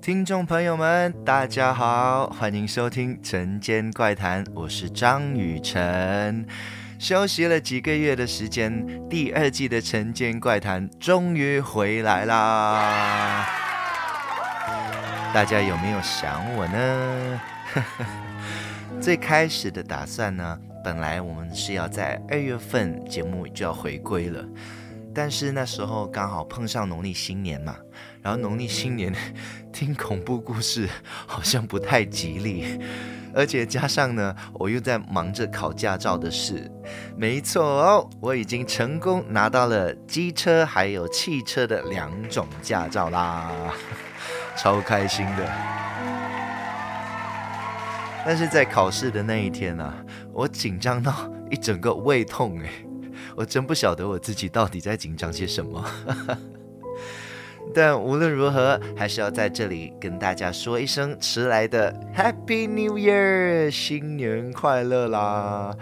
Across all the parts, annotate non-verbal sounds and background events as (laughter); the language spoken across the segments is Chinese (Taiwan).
聽眾朋友們，大家好，歡迎收聽《辰間怪談》，我是張雨晨。休息了幾個月的時間，第二季的《辰間怪談》終於回來啦！Yeah! 大家有沒有想我呢？ (laughs) 最開始的打算呢，本來我們是要在二月份節目就要回歸了，但是那時候剛好碰上農曆新年嘛。然後農曆新年聽恐怖故事好像不太吉利，而且加上呢，我又在忙着考駕照的事。沒錯哦，我已經成功拿到了機車還有汽車的兩種駕照啦，超開心的。但是在考試的那一天呢、啊，我緊張到一整個胃痛誒，我真不曉得我自己到底在緊張些什麼。但無論如何，還是要在這裡跟大家說一聲遲來的 Happy New Year，新年快樂啦！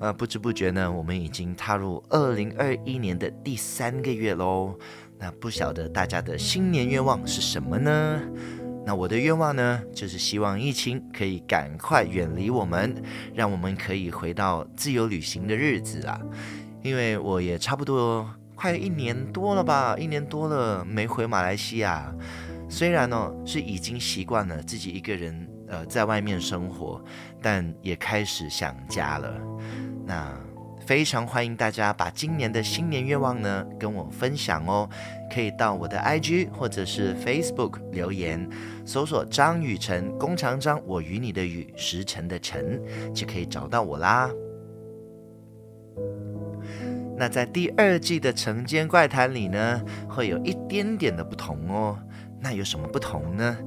呃，不知不覺呢，我們已經踏入二零二一年的第三個月嘍。那不曉得大家的新年願望是什麼呢？那我的願望呢，就是希望疫情可以趕快遠離我們，讓我們可以回到自由旅行的日子啦、啊。因為我也差不多。快有一年多了吧，一年多了沒回馬來西亞。雖然呢、哦、是已經習慣了自己一個人呃在外面生活，但也開始想家了。那非常歡迎大家把今年的新年願望呢跟我分享哦，可以到我的 IG 或者是 Facebook 留言，搜索張雨辰、弓長張、我與你的雨、時辰的辰，就可以找到我啦。那在第二季的《辰間怪談》裡呢，會有一點點的不同哦。那有什麼不同呢？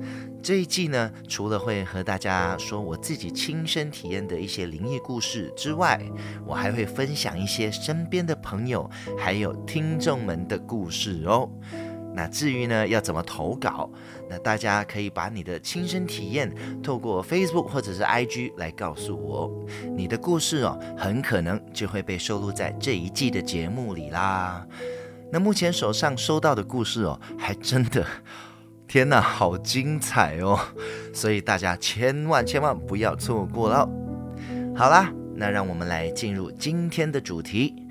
這一季呢，除了會和大家說我自己親身體驗的一些靈異故事之外，我還會分享一些身邊的朋友還有聽眾們的故事哦。那至於呢，要怎麼投稿？那大家可以把你的親身體驗透過 Facebook 或者是 IG 來告訴我，你的故事哦，很可能就會被收錄在這一季的節目裡啦。那目前手上收到的故事哦，還真的，天哪，好精彩哦！所以大家千萬千萬不要錯過了。好啦，那讓我們來進入今天的主題。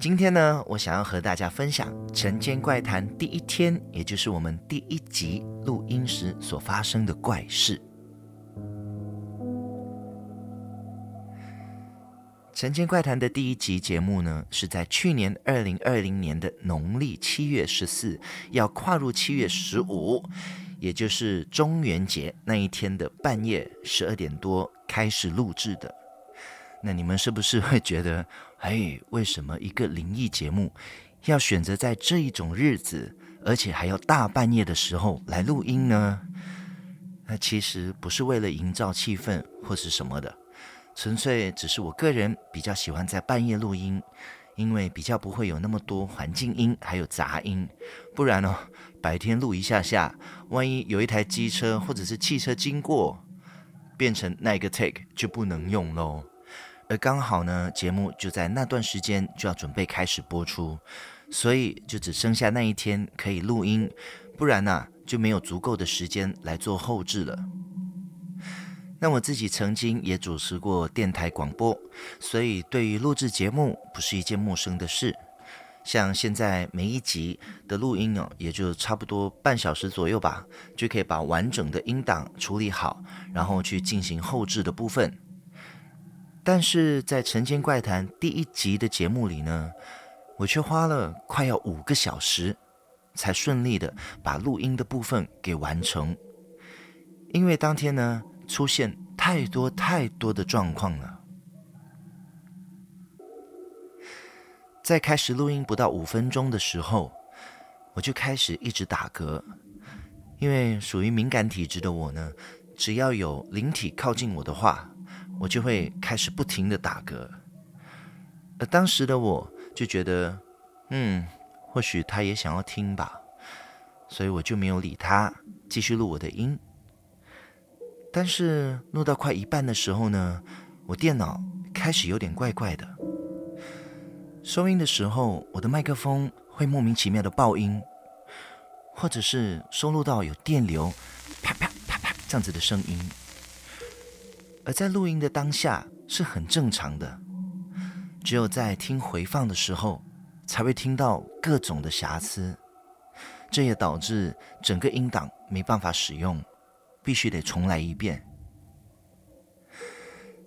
今天呢，我想要和大家分享《辰間怪談》第一天，也就是我們第一集錄音時所發生的怪事。《辰間怪談》的第一集節目呢，是在去年二零二零年的農曆七月十四，要跨入七月十五，也就是中元節那一天的半夜十二點多開始錄制的。那你們是不是會覺得？哎，為什麼一個靈異節目要選擇在這一種日子，而且還要大半夜的時候來錄音呢？那其實不是為了營造氣氛或是什麼的，純粹只是我個人比較喜歡在半夜錄音，因為比較不會有那麼多環境音還有雜音。不然哦，白天錄一下下，萬一有一台機車或者是汽車經過，變成那個 take 就不能用嘍。而剛好呢，節目就在那段時間就要準備開始播出，所以就只剩下那一天可以錄音，不然呢，啊，就沒有足夠的時間來做後製了。那我自己曾經也主持過電台廣播，所以對於錄製節目不是一件陌生的事。像現在每一集的錄音哦，也就差不多半小時左右吧，就可以把完整的音檔處理好，然後去進行後製的部分。但是在《辰間怪談》第一集的節目裡呢，我卻花了快要五個小時，才順利的把錄音的部分給完成。因為當天呢，出現太多太多的狀況了。在開始錄音不到五分鐘的時候，我就開始一直打嗝，因為屬於敏感體質的我呢，只要有靈體靠近我的話。我就會開始不停的打嗝，而當時的我就覺得，嗯，或許他也想要聽吧，所以我就沒有理他，繼續錄我的音。但是錄到快一半的時候呢，我電腦開始有點怪怪的，收音的時候我的麥克風會莫名其妙的爆音，或者是收錄到有電流啪啪啪啪這樣子的聲音。而在錄音的當下是很正常的，只有在聽回放的時候，才會聽到各種的瑕疵，這也導致整個音檔沒辦法使用，必須得重來一遍。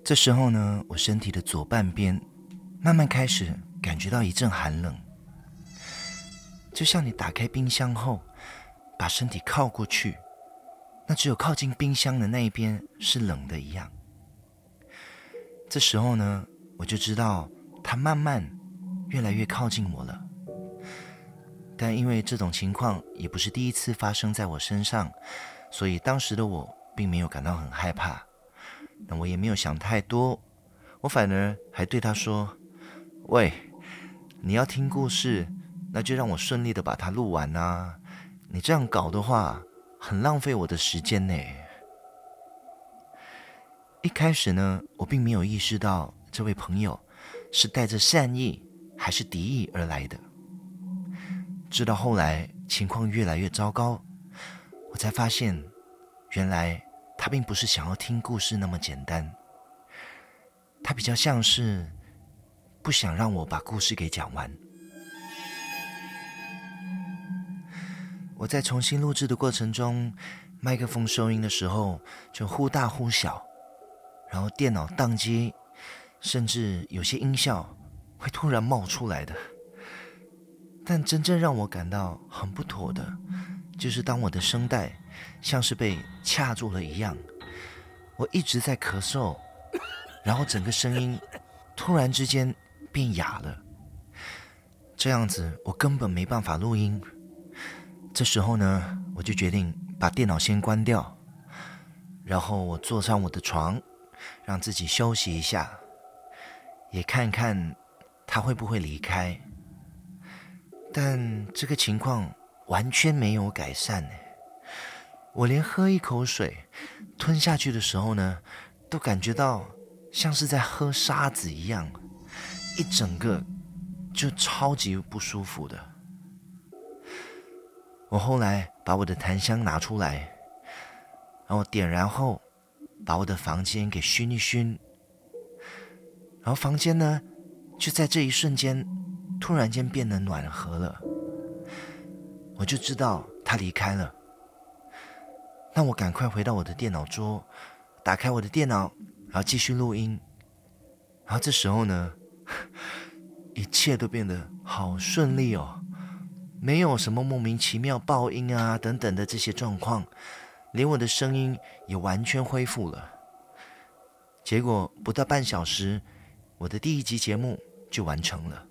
這時候呢，我身體的左半邊慢慢開始感覺到一陣寒冷，就像你打開冰箱後，把身體靠過去，那只有靠近冰箱的那一邊是冷的一樣。這時候呢，我就知道他慢慢越來越靠近我了。但因為這種情況也不是第一次發生在我身上，所以當時的我並沒有感到很害怕。那我也沒有想太多，我反而還對他說：“喂，你要聽故事，那就讓我順利的把它錄完啊！你這樣搞的話，很浪費我的時間呢。”一開始呢，我並沒有意識到這位朋友是帶着善意還是敵意而來的。直到後來情況越來越糟糕，我才發現，原來他並不是想要聽故事那麼簡單，他比較像是不想讓我把故事給講完。我在重新錄製的過程中，麥克風收音的時候就忽大忽小。然後電腦宕機，甚至有些音效會突然冒出來的。但真正讓我感到很不妥的，就是當我的聲帶像是被掐住了一樣，我一直在咳嗽，然後整個聲音突然之間變啞了。這樣子我根本沒辦法錄音。這時候呢，我就決定把電腦先關掉，然後我坐上我的床。讓自己休息一下，也看看他會不會離開。但這個情況完全沒有改善呢。我連喝一口水，吞下去的時候呢，都感覺到像是在喝沙子一樣，一整個就超級不舒服的。我後來把我的檀香拿出來，然後點燃後。把我的房間給燻一熏，然後房間呢就在這一瞬間突然間變得暖和了，我就知道他離開了。那我趕快回到我的電腦桌，打開我的電腦，然後繼續錄音。然後這時候呢，一切都變得好順利哦，沒有什麼莫名其妙爆音啊等等的這些狀況。連我的聲音也完全恢復了，結果不到半小時，我的第一集節目就完成了。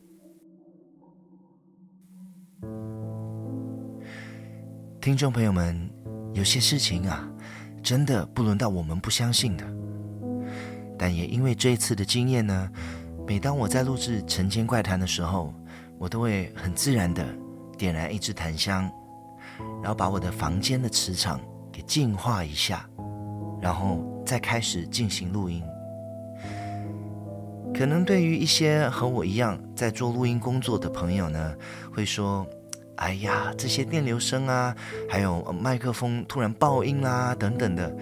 聽眾朋友們，有些事情啊，真的不輪到我們不相信的，但也因為這一次的經驗呢，每當我在錄製《辰間怪談》的時候，我都會很自然地點燃一支檀香，然後把我的房間的磁場。淨化一下，然後再開始進行錄音。可能對於一些和我一樣在做錄音工作的朋友呢，會說：“哎呀，這些電流聲啊，還有麥克風突然爆音啦、啊，等等的，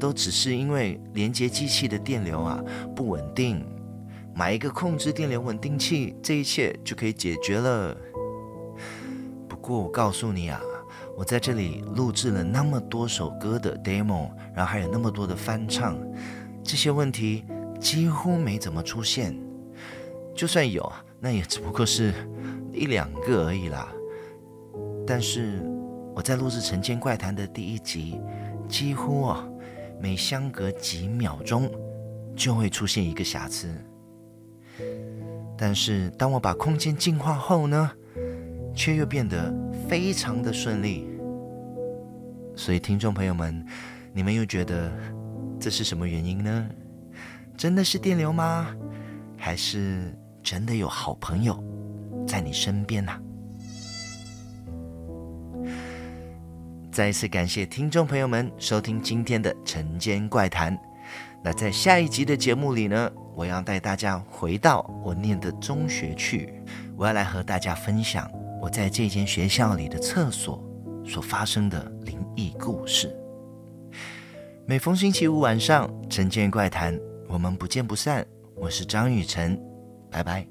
都只是因為連接機器的電流啊不穩定，買一個控制電流穩定器，這一切就可以解決了。”不過我告訴你啊。我在這裡錄製了那麼多首歌的 demo，然後還有那麼多的翻唱，這些問題幾乎沒怎麼出現。就算有，那也只不過是一兩個而已啦。但是我在錄製《辰間怪談》的第一集，幾乎哦，每相隔幾秒鐘就會出現一個瑕疵。但是當我把空間淨化後呢，卻又變得非常的順利。所以，聽眾朋友們，你們又覺得這是什麼原因呢？真的是電流嗎？還是真的有好朋友在你身邊呢、啊？再一次感謝聽眾朋友們收聽今天的辰間怪談。那在下一集的節目裡呢，我要帶大家回到我念的中學去，我要來和大家分享我在這間學校裡的廁所。所發生的靈異故事。每逢星期五晚上，《辰間怪談》，我們不見不散。我是張雨晨，拜拜。